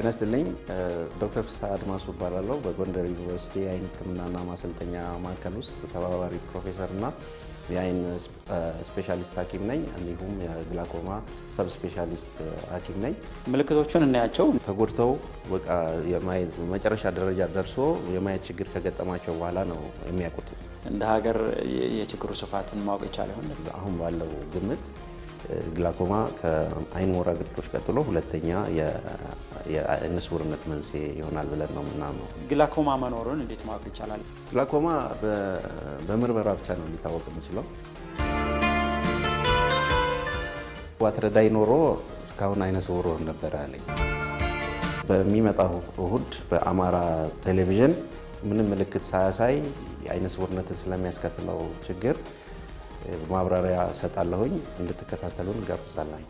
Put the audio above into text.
ጤና ይስጥልኝ። ዶክተር ፍስሐ አድማሱ እባላለሁ። በጎንደር ዩኒቨርሲቲ የአይን ሕክምናና ማሰልጠኛ ማዕከል ውስጥ ተባባሪ ፕሮፌሰርና የአይን ስፔሻሊስት ሐኪም ነኝ። እንዲሁም የግላኮማ ሰብ ስፔሻሊስት ሐኪም ነኝ። ምልክቶቹን እናያቸው። ተጎድተው መጨረሻ ደረጃ ደርሶ የማየት ችግር ከገጠማቸው በኋላ ነው የሚያውቁት። እንደ ሀገር የችግሩ ስፋትን ማወቅ ይቻል ይሆን? አሁን ባለው ግምት ግላኮማ ከአይን ሞራ ግርዶች ቀጥሎ ሁለተኛ የአይነ ስውርነት መንስኤ ይሆናል ብለን ነው የምናምነው። ግላኮማ መኖሩን እንዴት ማወቅ ይቻላል? ግላኮማ በምርመራ ብቻ ነው ሊታወቅ የሚችለው። ዋትረዳይ ኖሮ እስካሁን አይነ ስውር ነበረ ያለኝ። በሚመጣው እሁድ በአማራ ቴሌቪዥን ምንም ምልክት ሳያሳይ የአይነ ስውርነትን ስለሚያስከትለው ችግር ማብራሪያ እሰጣለሁኝ። እንድትከታተሉን እንጋብዛለን።